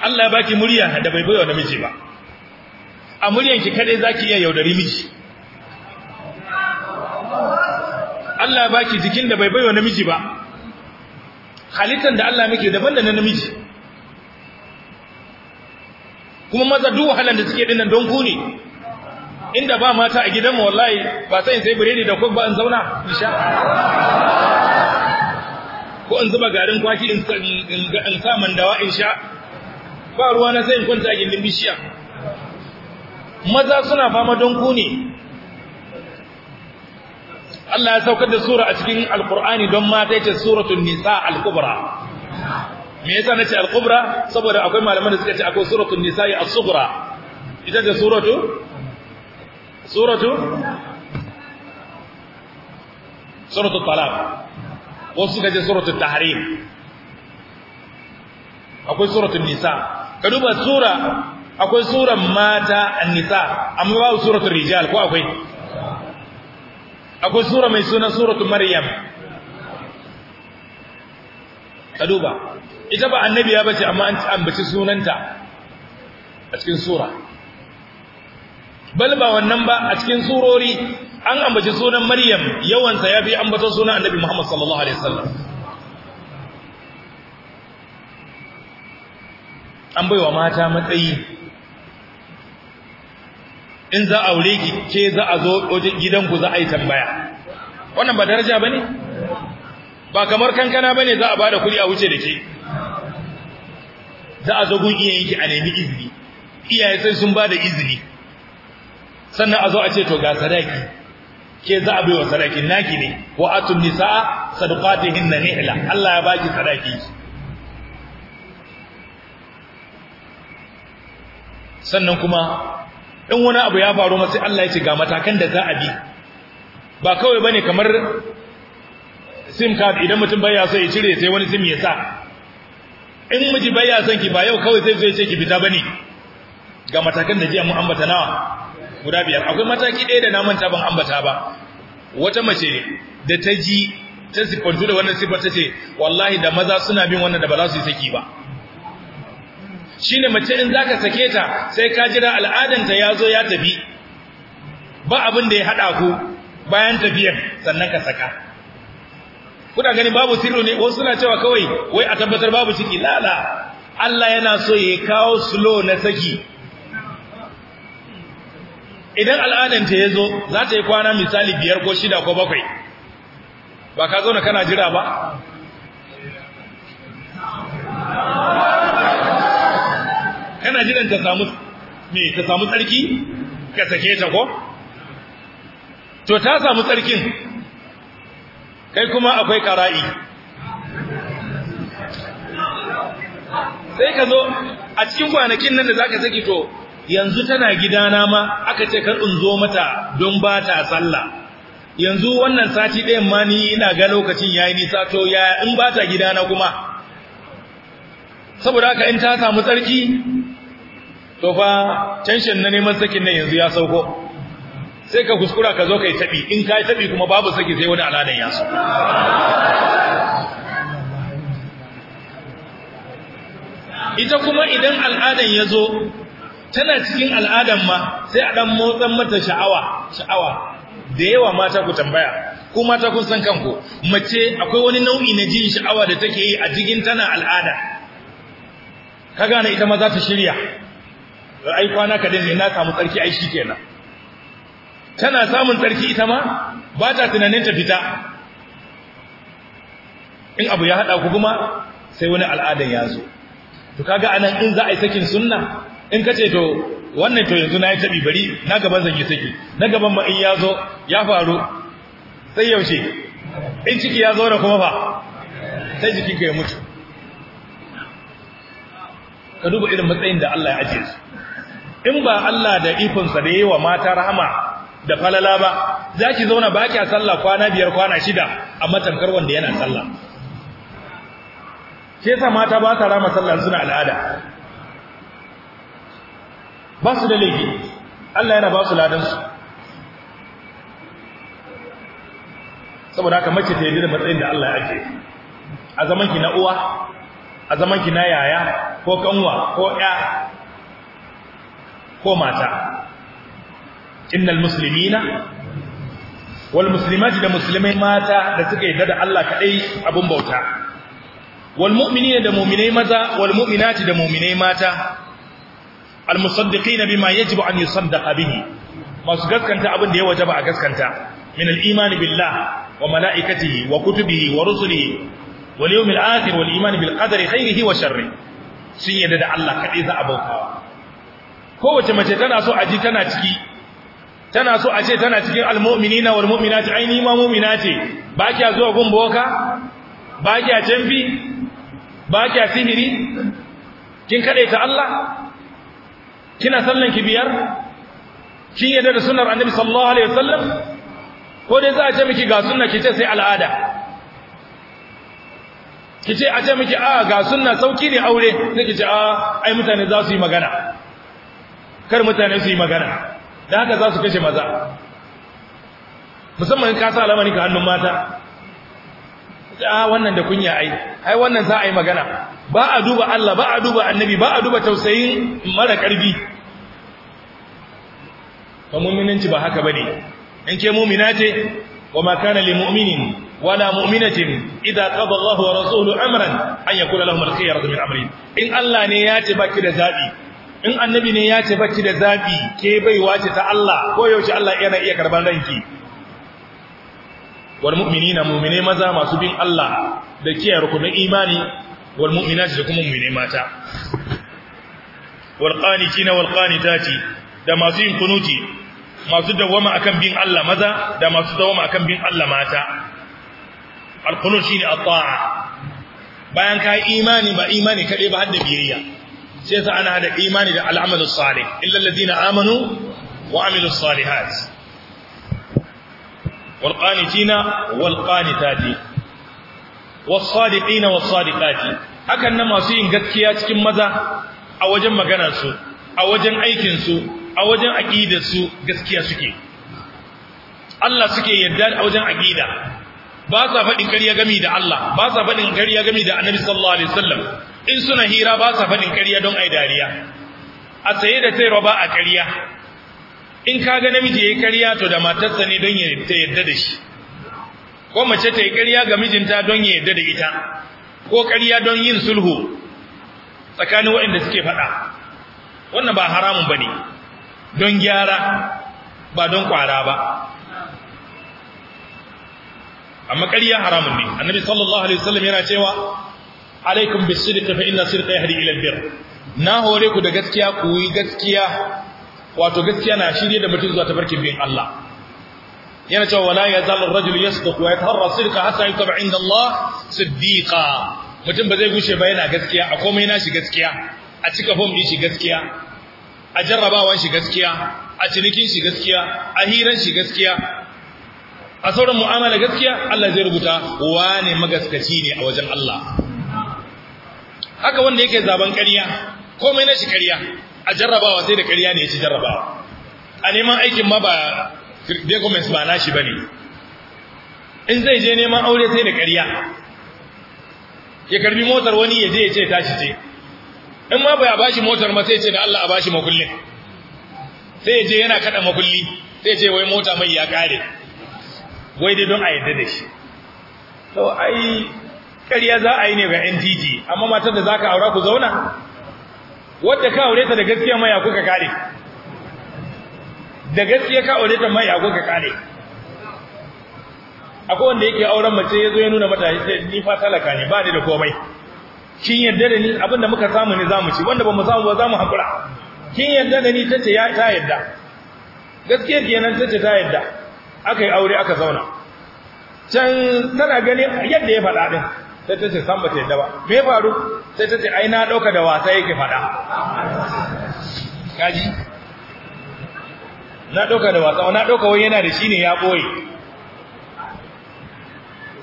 Allah ya baki murya da bai baiwa namiji ba a muryanki kadai zaki iya yaudari miji Allah ba ki jikin da bai baiwa namiji ba halittar da Allah muke daban da na namiji kuma maza duk wahalan da suke dinnan don ku ne inda ba mata a gidanmu wallahi ba sai in sai biredi da kok ba in zauna insha ko in zuba garin kwaki in in sa mandawa in sha ba ruwa na sai in kwanta a gindin bishiya maza suna fama don ku ne Allah ya saukar da sura a cikin Al-Qur'ani don mata yace suratul nisa al-kubra me yasa nace al-kubra saboda akwai malaman da suka ce akwai suratul nisa al sughra ita ce suratu suratu suratul talaq Ko suka ce suratul tahrim akwai suratul nisa ka duba sura akwai suran mata an-nisa amma babu suratul rijal ko akwai akwai sura mai suna suratu maryam ka duba ita ba ya bace amma an ambaci sunanta a cikin sura bal ba wannan ba a cikin surori an ambaci sunan maryam yawansa ya fi ambaton sunan annabi muhammad sallallahu alaihi wasallam an baiwa mata matsayi in za a aure ki ke za a zo gidanku za a yi tambaya wannan ba daraja ba ne? ba kamar kankana ba ne za a bada kuɗi a wuce da ke za a zo gun iyayenki a nemi izini iyaye sai sun ba da izini sannan a zo a ce to ga sadaki ke za a baiwa sadaki naki ne wa atun nisaa ne nihla Allah ya baki sadaki sannan kuma in wani abu ya faru masu Allah ya ce ga matakan da za a bi ba kawai ba ne kamar sim card idan mutum baya so ya cire sai wani sim ya sa in miji baya son ki ba yau kawai sai zai ce ki fita bane ga matakan da jiya mu ambata nawa guda biyar akwai mataki ɗaya da na taban ambata ba wata mace da ta ji ta sifantu da wannan sifar ta ce wallahi da maza suna bin wannan da ba za su yi saki ba shine mace in zaka sake ta sai ka jira al'adan ta yazo ya tafi ba abin da ya hada ku bayan tafiyar sannan ka saka kuna gani babu sirri ne wasu suna cewa kawai wai a tabbatar babu ciki lala Allah yana so ya kawo slow na saki idan al'adan ta yazo za ta yi kwana misali biyar ko shida ko bakwai ba ka zo na kana jira ba kana jiran ta samu me ta samu tsarki ka sake ta ko to ta samu tsarkin kai kuma akwai kara'i sai ka zo a cikin kwanakin nan da zaka saki to yanzu tana gidana ma aka ce kar in zo mata don ba ta sallah yanzu wannan sati ɗayan ma ni ina ga lokacin yayi nisa to ya in ba ta gidana kuma saboda haka in ta samu tsarki to fa tension na neman sakin nan yanzu ya sauko sai ka kuskura ka zo kai tabi in kai tabi kuma babu saki sai wani aladan ya sauko ita kuma idan al'adan ya zo tana cikin al'adan ma sai a dan motsan mata sha'awa sha'awa da yawa mata ku tambaya ko mata kun san kanku mace akwai wani nau'i na jin sha'awa da take yi a jikin tana al'ada ka gane ita ma za ta shirya ai kwana kadan ne na samu tsarki ai shikenan tana samun tsarki ita ma ba ta tunanin ta fita in abu ya hada ku kuma sai wani al'adan ya zo to kaga anan in za a yi sakin sunna in kace to wannan to yanzu na yi tabi bari na gaban zan yi saki na gaban ma in ya zo ya faru sai yaushe in ciki ya zo da kuma fa sai jikinka ya mutu ka duba irin matsayin da Allah ya ajiye su in ba Allah da ifinsa da yawa mata rahama da falala ba za ki zauna ba kya sallah kwana biyar kwana shida a matankar wanda yana sallah shi sa mata ba sa rama sallah suna al'ada ba su da laifi Allah yana ba su ladan su saboda ka mace ta yi da matsayin da Allah ya ake a zaman ki na uwa a zaman ki na yaya ko kanwa ko ya ko mata innal muslimina wal muslimati da muslimai mata da suka yarda da Allah kadai abun bauta wal mu'minina da mu'minai maza wal mu'minati da mu'minai mata al musaddiqina bima yajibu an yusaddaqa bihi masu gaskanta abin da ya wajaba a gaskanta min al iman billah wa malaikatihi wa kutubihi wa rusulihi wal yawmil akhir wal iman bil qadari khairihi wa sharri sun yarda da Allah kadai za a bautawa kowace mace tana so a ji tana ciki tana so a ce tana cikin almu'minina wal mu'minati ai ni ma mu'mina ce ba kiya zuwa gun boka ba kiya canfi ba kiya sihiri kin kade ta Allah kina sallan ki biyar kin yadda da sunnar annabi sallallahu alaihi wasallam ko dai za a ce miki ga sunna ki ce sai al'ada ki ce a ce miki a ah, ga sunna sauki ne aure sai ki ce a ah, ai mutane za su yi magana kar mutane su yi magana da haka za su kashe maza musamman ka sa alamani ka hannun mata a wannan da kunya ai ai wannan za a yi magana ba a duba Allah ba a duba annabi ba a duba tausayin mara karbi fa mu'minanci ba haka bane in ke mu'mina ce wa ma kana lil mu'minin ولا مؤمنة إذا قضى الله ورسوله أمرا أن يكون لهم الخيرة من أمرهم إن الله نياتي da لزابي in annabi ne ya ce bacci da zabi ke baiwa ce ta Allah ko yaushe Allah yana iya karban ranki wal mu'minina mu'mine maza masu bin Allah da kiyaye rukunin imani wal mu'minati da kuma mu'mine mata wal qanitina wal qanitati da masu yin kunuti masu dawama akan bin Allah maza da masu dawama akan bin Allah mata al qunut ne at-ta'a bayan ka imani ba imani kade ba hadda biyayya sai sa ana da imani da al'amalus salih illal ladina amanu wa amilus salihat wal qanitina wal qanitati was sadiqina was sadiqati hakan nan masu yin gaskiya cikin maza a wajen maganar su a wajen aikin su a wajen aqidar su gaskiya suke Allah suke yadda a wajen aqida ba sa faɗin ƙarya gami da Allah ba sa faɗin ƙarya gami da Annabi sallallahu alaihi wasallam in suna hira ba sa faɗin karya don ai dariya a saye da sayarwa ba a ƙarya in ka ga namiji ya yi to da matarsa ne don ta yadda da shi ko mace ta yi ƙarya ga mijinta don ya yadda da ita ko karya don yin sulhu tsakanin waɗanda suke faɗa wannan ba haramun ba ne don gyara ba don ƙwara ba amma ƙarya haramun ne annabi sallallahu alaihi wasallam yana cewa alaikum bisidqi fa inna sidqa yahdi ila albir na hore ku da gaskiya ku yi gaskiya wato gaskiya na shirye da mutum zuwa tabarkin bin Allah yana cewa wala yazal ar-rajulu yasduq wa yataharra sidqa hatta yutaba inda Allah siddiqa mutum ba zai gushe ba yana gaskiya a komai na shi gaskiya a cika fom din shi gaskiya a jarrabawan shi gaskiya a cinikin shi gaskiya a hiran shi gaskiya a sauran mu'amala gaskiya Allah zai rubuta wane magaskaci ne a wajen Allah haka wanda yake zaban ƙarya komai na shi ƙarya a jarrabawa sai da ƙarya ne ya ci jarrabawa a neman aikin ma ba documents ba nashi bane in zai je neman aure sai da ƙarya ya karbi motar wani ya je ya ce tashi ce in ma bai bashi motar ma sai ce da Allah a bashi makullin sai ya je yana kada makulli sai ya ce wai mota mai ya kare wai dai don a yadda da shi ƙarya za a yi ne ga NTG amma matar da za ka aura ku zauna wadda ka aure ta da gaskiya mai ya kuka kare da gaskiya ka aure ta mai ya kuka kare akwai wanda yake auren mace ya zo ya nuna mata ni fa talaka ne ba ni da komai kin yarda da ni abinda muka samu ne zamu ci wanda bamu samu ba zamu hakura kin yarda da ni tace ya ta yarda gaskiya kenan tace ta yarda akai aure aka zauna can tana gani yadda ya faɗa din sai ta ce san ba ta yadda ba me faru sai ta ce ai na dauka da wasa yake fada kaji na dauka da wasa na dauka wai yana da shi ne ya boye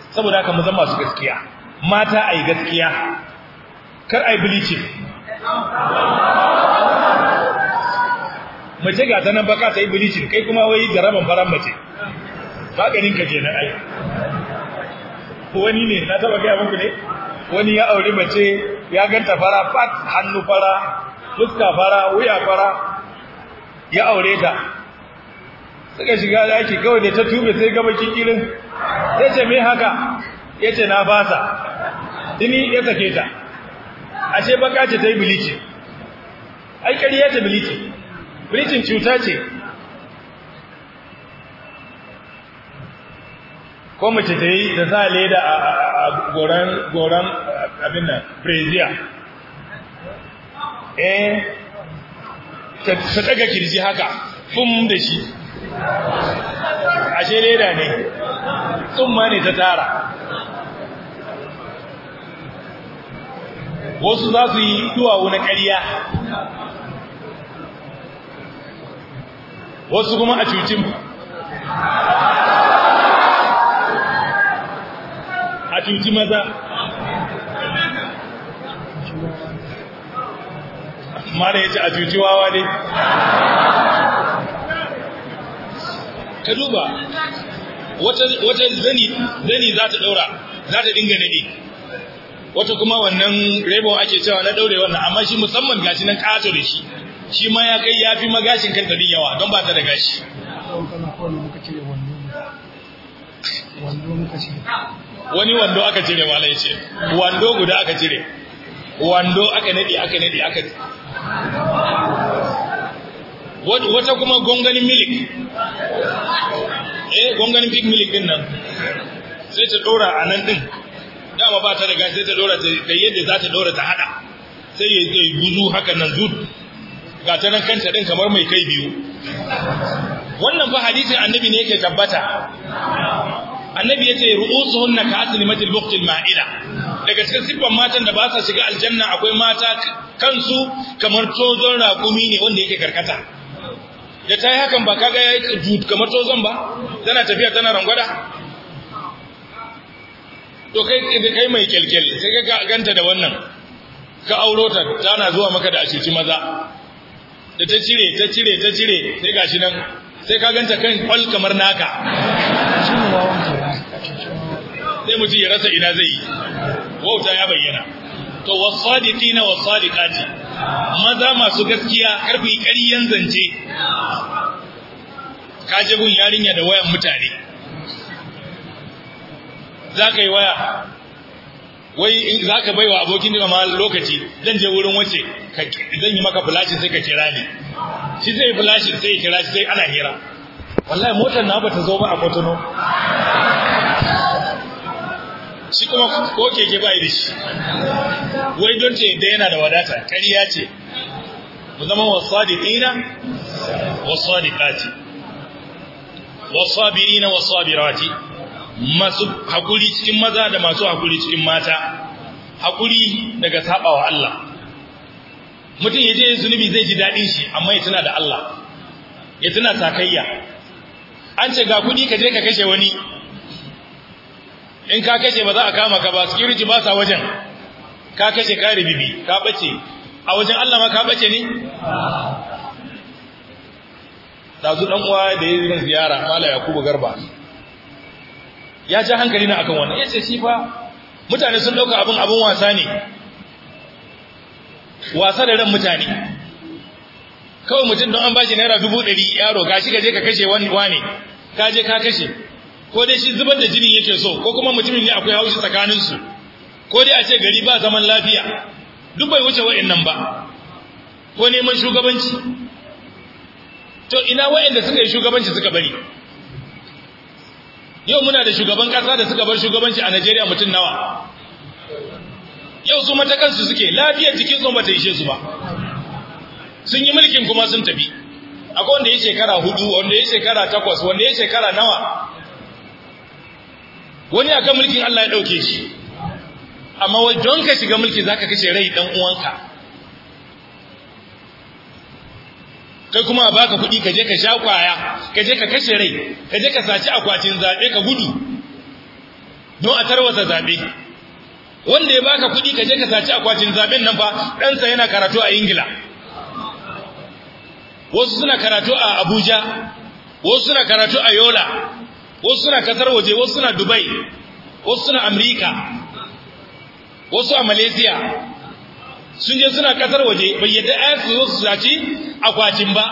saboda haka mu zama su gaskiya mata ai gaskiya kar ai bleaching mace ga ta nan baka sai bleaching kai kuma wai jaraban faran mace maganin ka kenan ai wani ne na taba gaya muku ne wani ya auri mace ya ganta fara fat hannu fara fuska fara wuya fara ya aure ta suka shiga daki kawai da ta tube sai gaba kikirin sai ce me haka Ya ce na fasa dini ya sake ta ashe baka ce ta yi bilici aikari ya ta bilici bilicin cuta ce ko mace ta yi da sa leda a goron abin nan eh ta daga kirji haka fum da shi ashe leda ne tsumma ne ta tara wasu za su yi duwawu na ƙarya wasu kuma a cucin kin maza mara ya ce a cuci wawa ne ka duba wata zani za ta daura za ta dinga nadi wata kuma wannan rebon ake cewa na daure wannan amma shi musamman gashi nan kato da shi shi ma ya kai ya fi magashin kanta din yawa don ba ta da gashi wando muka ce wani wando aka cire wala ya ce wando guda aka cire wando aka nadi aka nadi aka wata kuma gonganin milik eh gonganin big milik din nan sai ta dora a nan din dama ba ta riga sai ta dora ta yadda za ta dora ta hada sai ya yi guzu haka nan zud ga ta nan kanta din kamar mai kai biyu wannan fa hadisin annabi ne yake tabbata annabi yace ru'usuhunna ka aslimatil buqtil ma'ila daga cikin siffan matan da ba sa shiga aljanna akwai mata kansu kamar tozon raƙumi ne wanda yake karkata da ta yi hakan ba kaga yayi jut kamar tozon ba tana tafiya tana rangwada to kai kai mai kelkel sai ka ganta da wannan ka auro ta tana zuwa maka da ashici maza da ta cire ta cire ta cire sai gashi nan sai ka ganta kan kwal kamar naka sai mutum ya rasa ina zai yi wauta ya bayyana to wasadiqina wasadiqati maza masu gaskiya karfi ƙaryan zance ka ji gun yarinya da wayan mutane za yi waya wai in za ka baiwa abokin da ma lokaci zan je wurin wace zan yi maka flashin sai ka kira ni shi zai flashin sai ya kira shi sai ana hira wallahi motar na bata zo ba a kwatuno shi kuma ko keke ba da shi wai don ta yadda yana da wadata kariya ce mu zama wasadiqina wasadiqati wasabirina wasabirati masu hakuri cikin maza da masu hakuri cikin mata hakuri daga sabawa Allah mutum yaje yin zunubi zai ji dadin shi amma ya tuna da Allah ya tuna takayya an ce ga kudi ka je ka kashe wani in ka kashe ba za a kama ka ba security ba sa wajen ka kashe ka ribibi ka bace a wajen Allah ma ka bace ne dazu dan uwa da yayin ziyara Mala Yakubu Garba ya ji hankali na akan wannan yace shi fa mutane sun dauka abin abin wasa ne wasa da ran mutane kawai mutum don an bashi naira dubu ɗari yaro gashi gaje ka kashe wani wane ka je ka kashe ko dai shi zubar da jini yake so ko kuma mutumin ne akwai haushi tsakanin su ko dai a ce gari ba zaman lafiya duk bai wuce wa'annan ba ko neman shugabanci to ina wa'anda suka yi shugabanci suka bari yau muna da shugaban kasa da suka bar shugabanci a Najeriya mutum nawa yau su mata kansu suke lafiya jikin su mata ishe su ba sun yi mulkin kuma sun tafi akwai wanda ya shekara hudu wanda ya shekara takwas wanda ya shekara nawa wani a kan mulkin Allah ya dauke shi amma wajen ka shiga mulki zaka kashe rai ɗan uwanka kai kuma a baka kuɗi ka je ka sha kwaya ka je ka kashe rai ka je ka saci akwatin zabe ka gudu don a tarwasa zabe wanda ya baka kuɗi ka je ka saci akwatin zaɓen nan fa ɗansa yana karatu a ingila wasu suna karatu a abuja wasu suna karatu a yola wasu suna kasar waje wasu suna dubai wasu suna Amurika, wasu a malaysia sun je suna kasar waje bai yadda ayar su suna su saci akwatin ba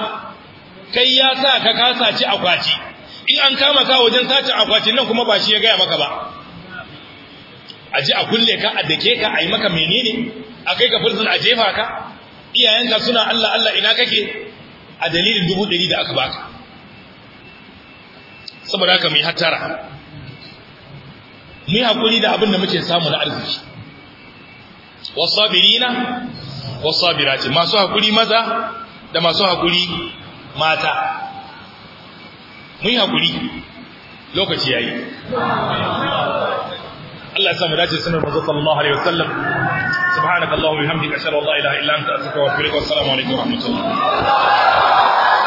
kai ya sa ka kasa ci akwati in an kama ka wajen sace akwatin nan kuma ba shi ya gaya maka ba a ji a kulle ka a dake ka a yi maka menene a kai ka fursun a jefa ka iyayenka suna Allah Allah ina kake a dalilin dubu ɗari da aka baka saboda haka muyi hatara hattara mu yi da abin da muke samu na arziki wasabirina wasabirati masu hakuri maza da masu hakuri mata mu hakuri lokaci yayi Allah samu dace sunan manzo sallallahu alaihi wasallam subhanakallahumma wa bihamdika ashhadu an la ilaha illa anta astaghfiruka wa atubu ilaik wa